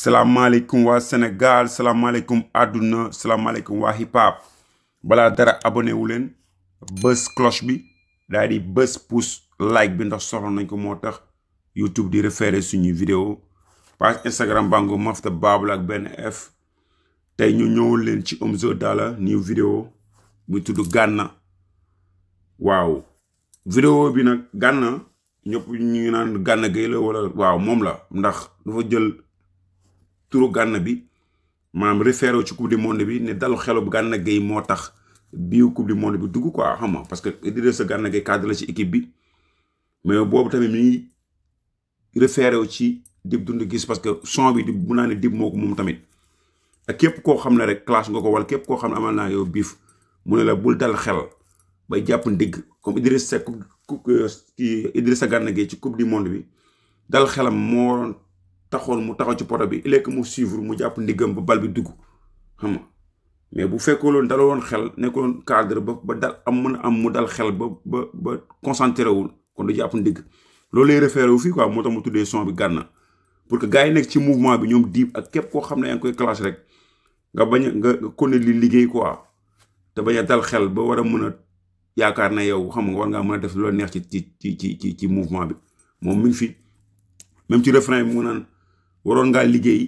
salaamaaleykum waa Sénégal salaamaaleykum àdduna salaamaaleykum waa hip hop balaa dara abonné wu leen bës cloche bi daal di bës pouce like bi ndax soxla nañ ko moo tax YouTube di référé suñuy vidéo page Instagram bango mafta baabul ak benn F tey ñu ñëwul leen ci Omzo Dollar new vidéo bu tudd Gana waaw vidéo bi nag Gana ñëpp ñu ngi naan Gana Gueye la wala waaw moom la ndax dafa jël tour gànn bi maanaam référé ci coupe du monde bi ne dalu xelu gànna Gueye moo tax bii coupe du monde bi dugg quoi xam parce que Idrissa Gana Gueye cadre la ci équipe bi mais boobu tamit mi ngi référé ci Dip Doundou Guiss parce que son bi di bu naa ne Dip moo ko moom tamit ak koo xam ne rek classe nga ko wala képp koo xam ne amal naa yow biif mu ne la bul dal xel bay jàpp ndigg comme Idrissa Seck Idrissa Gana Gueye ci coupe du monde bi dal xelam moo taxone mu taxaw ci poto bi ilek mu suivre mu japp ndigam ba bal bi dugg xam nga mais bu fekkoloon dala woon xel nekkoon cadre ba ba dal am mën am mu dal xel ba ba ba concentré wul kon du japp ndig loolu référé wu quoi motam mu tuddé son bi ganna pour que gaay nek ci mouvement bi ñom diib ak kep ko xam yang koy clash rek nga baña nga kone li liggéey quoi te baña dal xel ba wara mëna mën yaakaar na yow xam nga war nga mëna def lo neex ci ci ci ci mouvement bi mom mi fi même ci refrain mu waroon ngaa liggéey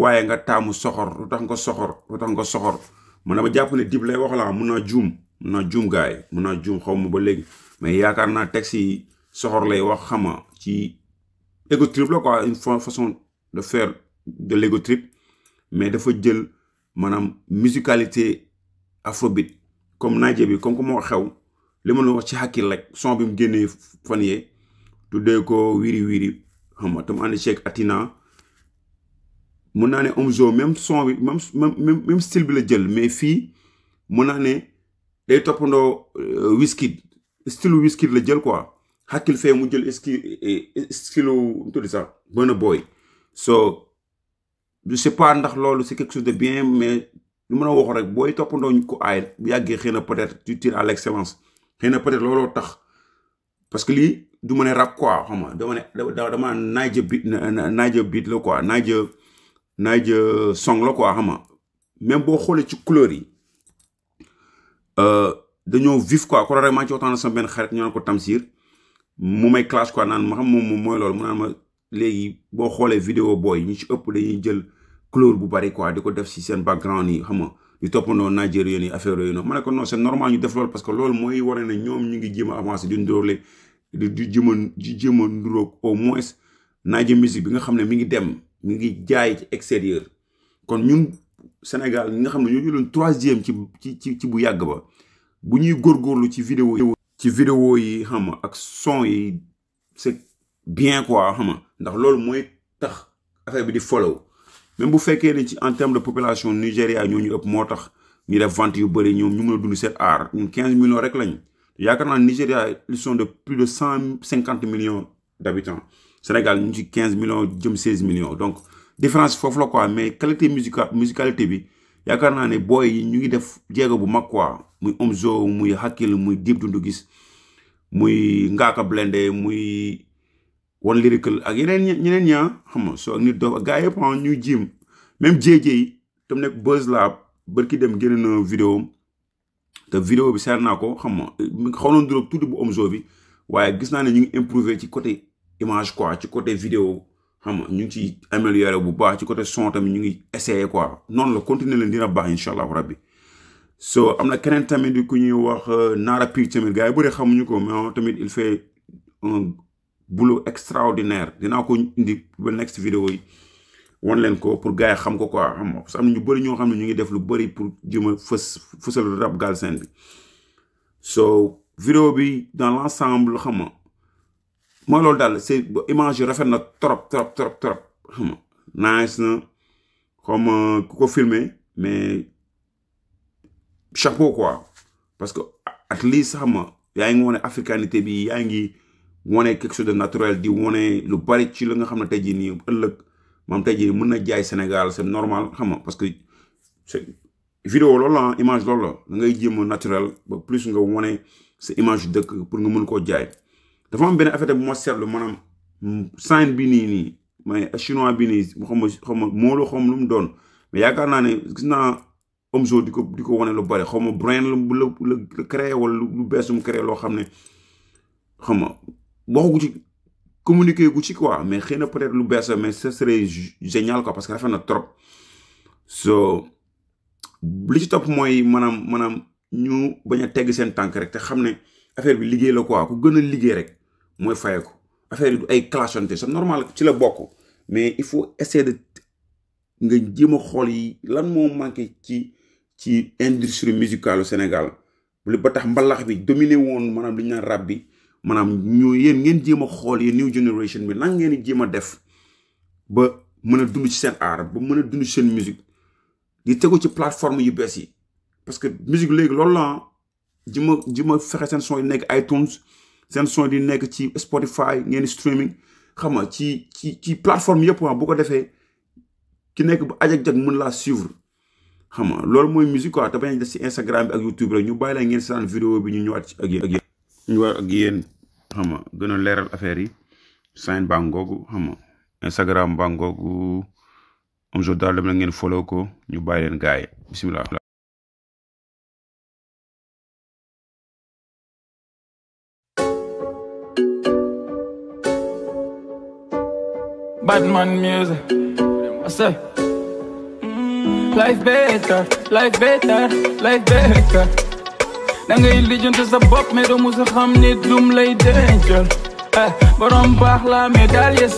waaye nga taamu soxor lu tax nga soxor lu tax ma soxor man dama jàpp ne dib lay wax la mun naa juum mun naa juum gaay mun naa juum xaw ma ba léegi mais yaakaar naa texte yi soxor lay wax xama ci ego trip la quoi une façon de faire de l'ego mais dafa jël maanaam musicalité afrobeat comme naaje bi comme que xew li ma la wax ci xàkkil rek son bi mu génnee fan yee tuddee ko wiri wiri xam nga te mu ànd Atina mun naa ne Omzo même son bi même même même style bi la jël mais fii mon naa ne day toppandoo euh, whisky style whisky la jël quoi hakil fee mu jël ski eh, style tout tudd sax Burna Boy so je sais pas ndax loolu c'est quelque chose de bien mais lu mën a wax rek booy toppandoo ñu ko aay bu yàggee xëy na peut-être tu tires à l'excellence xëy na peut-être looloo tax parce que lii du ma ne rap quoi xam nga dama ne dama naaje beat naaje beat lo quoi naaje naaje song lo quoi xam nga même bo xolé ci couleur yi euh dañoo vif quoi ko rek maa ci waxtana sama ben xarit ñu naan ko Tamsir mu may clash quoi nan ma xam mom moy lool mu nan ma léegi bo xolé vidéo boy ñi ci ëpp dañuy jël couleur bu bari quoi diko def ci sen background yi xam nga di topono Nigérian yi affaire yooyu noonu mané ko non c'est normal ñu def lool parce que lool moy wane ne ñom ñu ngi jima avancer avancé di ndóorle di jëman di jëman nduroog au moins naaje musique bi nga xam ne mi ngi dem mu ngi jaay ci extérieur kon ñun Sénégal ñi nga xam ne ñoo jëloon troisième ci ci ci bu yàgg ba bu ñuy góorgóorlu ci vidéo yi ci vidéo yi xam ak son yi c'est bien quoi xam ndax loolu mooy tax affaire bi di follow même bu fekkee ni ci en terme de population Nigéria ñoo ñu ëpp moo tax ñu def vente yu bari ñoom ñu mën a dund seen art ñun quinze rek lañ yaakaar naa Nigéria ils sont de plus de cent cinquante million d' habitants Sénégal ñu ngi ci quinze millions jëm seize millions donc différence foofu la quoi mais qualité musica musicalité bi yaakaar naa ne booy ñu ngi def jéego bu mag quoi muy Omzo muy Hakill muy Dip Doundou Guiss muy Ngaaka Blindé muy One Lyrical ak yeneen ñeneen ñaa ah. xam nga soo ak nit dof ak gars yëpp ah, ñuy jiim même jéejee yi tam nekk Buzz Lab bërki dem génne na vidéo te vidéo bi seer naa ko xam nga xaw na duróog tuuti bu Omzo bi waaye gis naa ne ñu ngi improver ci côté image quoi ci côté vidéo xam nga ñu ngi ciy amélioré bu baax ci côté son tamit ñu ngi essayer quoi noonu la continuer leen dina baax incha allahu rabbi so am na keneen tamit ku ñuy wax euh, Nara Pire tamit gars yi bëri xamuñu ko mais tamit il fait un boulot extraordinaire dinaa ko indi bu next vidéo yi won leen ko pour gars yi xam ko quoi am nga ñu bëri ñoo xam ne ñu ngi def lu bëri pour jëm a fës fësal rap galsen bi so vidéo bi dans l' ensemble xam nga mooy loolu daal c'est image yi rafet na trop trop trop trop xam nice na comme euh, ku ko filmer mais chapeau quoi parce que at least xam nga yaa ngi wane africanité bi yaa ngi wane quelque chose de naturel di wane lu bari ci la nga xam ne tey jii nii ëllëg moom tey jii mun na jaay Sénégal c'est normal xam nga parce que c'est vidéo loolu la image loolu la da ngay jéem naturel ba plus nga wane sa image dëkk pour nga mun koo jaay dafa am benn affaire bu ma seetlu maanaam hmm, sign bi nii nii mais chinois bi nii xam ma xam ma moolu xam lu mu doon mais yaakaar naa ne gis naa Omzo di ko di ko wane lu bari xaw ma brain la la créé wala lu bees mu créé loo xam ne xam communiqué gu ci quoi mais xëy na peut-être lu bees mais ce serait génial quoi parce que rafet na trop so li ci topp mooy maanaam maanaam ñu bañ a teg seen tànk rek te xam ne affaire bi liggéey la quoi ku gën a liggéey rek mooy fayeku affaire bi ay clashante c'est normal ci la bokk mais il faut essayer de nga jéem a xool yi lan moom manqué ci ci industrie musicale au Sénégal lu ba tax mbalax bi dominé woon maanaam li ñu naan maanaam ñu yéen ngeen jéem a xool yi new generation bi nan ngeen di def ba mën a dund ci seen aar ba mën a dund ci seen musique di tegu ci plateforme yu bees yi parce que musique léegi loolu laa ji ma ji fexe seen son yi nekk iTunes seen son di nekk ci Spotify ngeen streaming xam nga ci ci ci plateforme yëpp waa bu ko defee ki nekk bu ajak mun laa suivre xam nga loolu mooy musique quoi te bañ a def si Instagram bi ak YouTube rek ñu bàyyi la ngeen seetaan vidéo bi ñu war ak yéen xam gën a leeral affaire yi sign baa ngoogu Instagram baa ngoogu Omzo Dollar dem na ngeen follow ko ñu bàyyi leen bismillah Batman music. Mm, life better. da ngay lijjanti sa bopp mais do musa a xam lay dencal eh, borom baax laa mais daal yee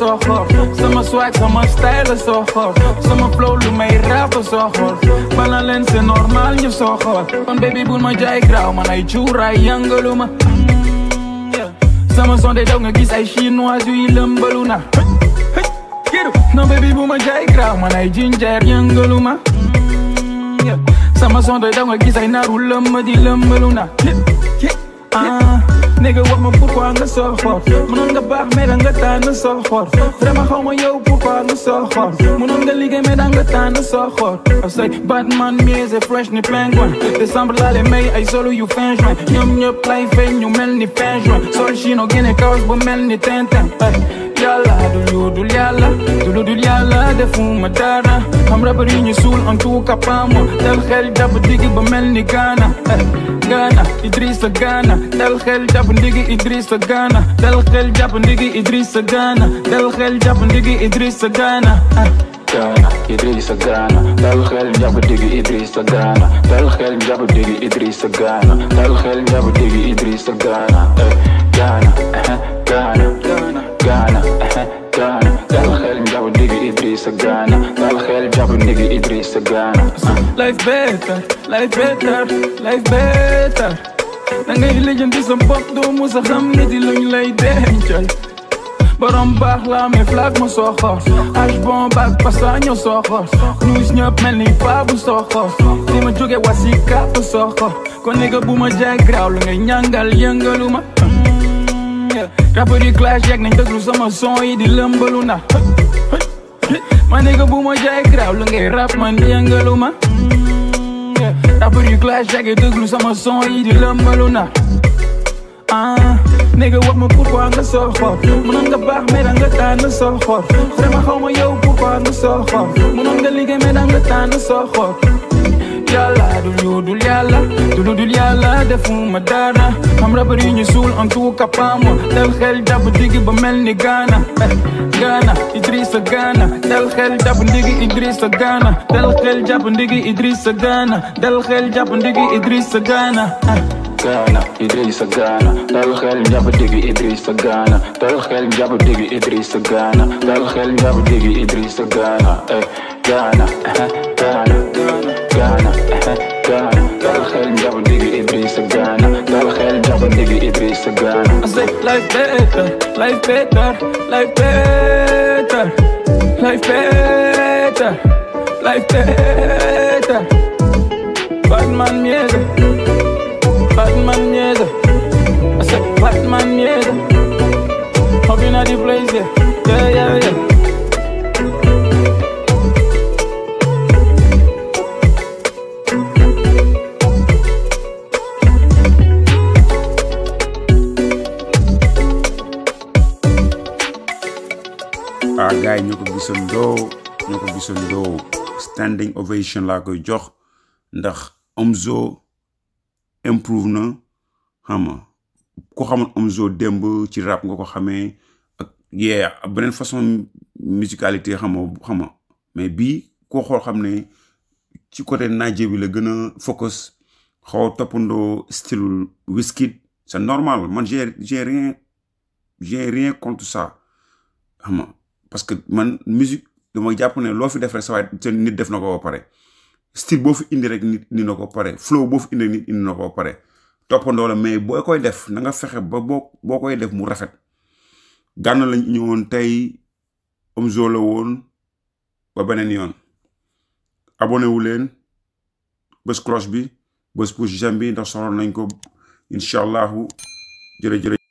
sama swag sama style soo xool sama flow lu may rap soo xool bala leen c'est normal ñu soo xool kon baby bul ma jaay graw man ay cuuraay yàngalu sama son de daw nga gis ay chinois yuy lëmbalu na baby bu ma jaay graw man ay jinjeer yàngalu ma Summer's on the down, I guess I not lama di ah, nigga, what my book on the hot, Mununga bar, medanga tan the sofa. Drama homo yo, book on the sofa. Mununga liga, medanga tan the hot. I say, Batman, me is a fresh ni penguin. December, lale, may I solo you fans, man. Yum, yup, life, and you mel ni fans, man. Sorry, she no gene cars, but mel ni ten ten. jala Dulu dul yàlla dulu dul defu defuma dara xam rabar yi ñu suul en tout cas pas moi dal xel jàpp digi ba mel ni gaana eh, Ghana, idrissa gaana dal xel jàpp digi idrissa gaana dal xel jàpp digi idrissa gaana dal xel Idris digi idrissa gaana Ghana, Idris Ghana, dal xel jab digi Idrissa Ghana, dal xel jab digi Idrissa Ghana, dal xel jab digi Idrissa Ghana, Ghana double nigga Idris Gana Life better, life better, life better Nanga ngay lijjanti sa bopp doo musa xam ne di luñ lay dencal borom baax la mais flag ma soxor age bon bac pasa ñoo soxor nuus ñëpp mel ni paa bu soxor li ma jóge wasi kàpp soxor kon nigga bu ma jaay graaw lu ngay ñàngal yëngalu ma mm, rappeur clash yeeg nañ déglu sama son yi di lëmbalu na nigga boom, jack, grab, long, Gij rap man die angelo ma Rapper je klaar jij de gloes aan mijn son Je die Ah Nigga wat oh, uh, me poep aan de zorgor Mijn de baag met aan de tanden zorgor Grima gauw me jouw poep aan de zorgor Mijn de liggen met aan de tanden zorgor yàlla du ñu dul yàlla du ñu dul yàlla defuma dara xam rabar yi ñu dal xel dab digi ba ni gaana gaana idrissa gaana dal xel dab ndigi idrissa gaana dal xel jàpp ndigi idrissa gaana dal xel jàpp ndigi idrissa gaana Ghana, Idrissa Ghana, dal xel jàpp digi Idrissa Ghana, dal xel jàpp digi Idrissa Ghana, dal xel jàpp digi Idrissa Ghana, eh Ghana, Ghana سجانة قال خيل جاب ديجي إدريس سجانة قال خيل جاب ديجي إدريس سجانة I say life better, life better, life better, life better, life better. Bad man music. aa ah, gars yi ñoo ko gisandoo ñoo ko gisandoo standing ovation laa koy jox ndax Omzo improve na xam nga ko xamoon Omzo démb ci rap nga ko xamee ak yee beneen façon musicalité xam nga mais bii koo xool xam ne ci côté naaje bi la gën a focus xaw toppandoo style Wizkid c'est normal man j'ai j'ai rien j'ai rien contre ça xam parce que man musique dama japp ne lo fi def rek sa waay nit def nako ba pare style bo fi indi rek nit ni nako ko pare flow bo fi indi nit indi nako ko ba pare toppandoo la mais boo koy def na nga fexe ba bokoy def mu rafet gan la lañ ñëwoon tey Omzo la won ba benen yoon abonné wu len bés cloche bi bés pouce j'aime bi ndax soxla nañ ko inshallah jere jere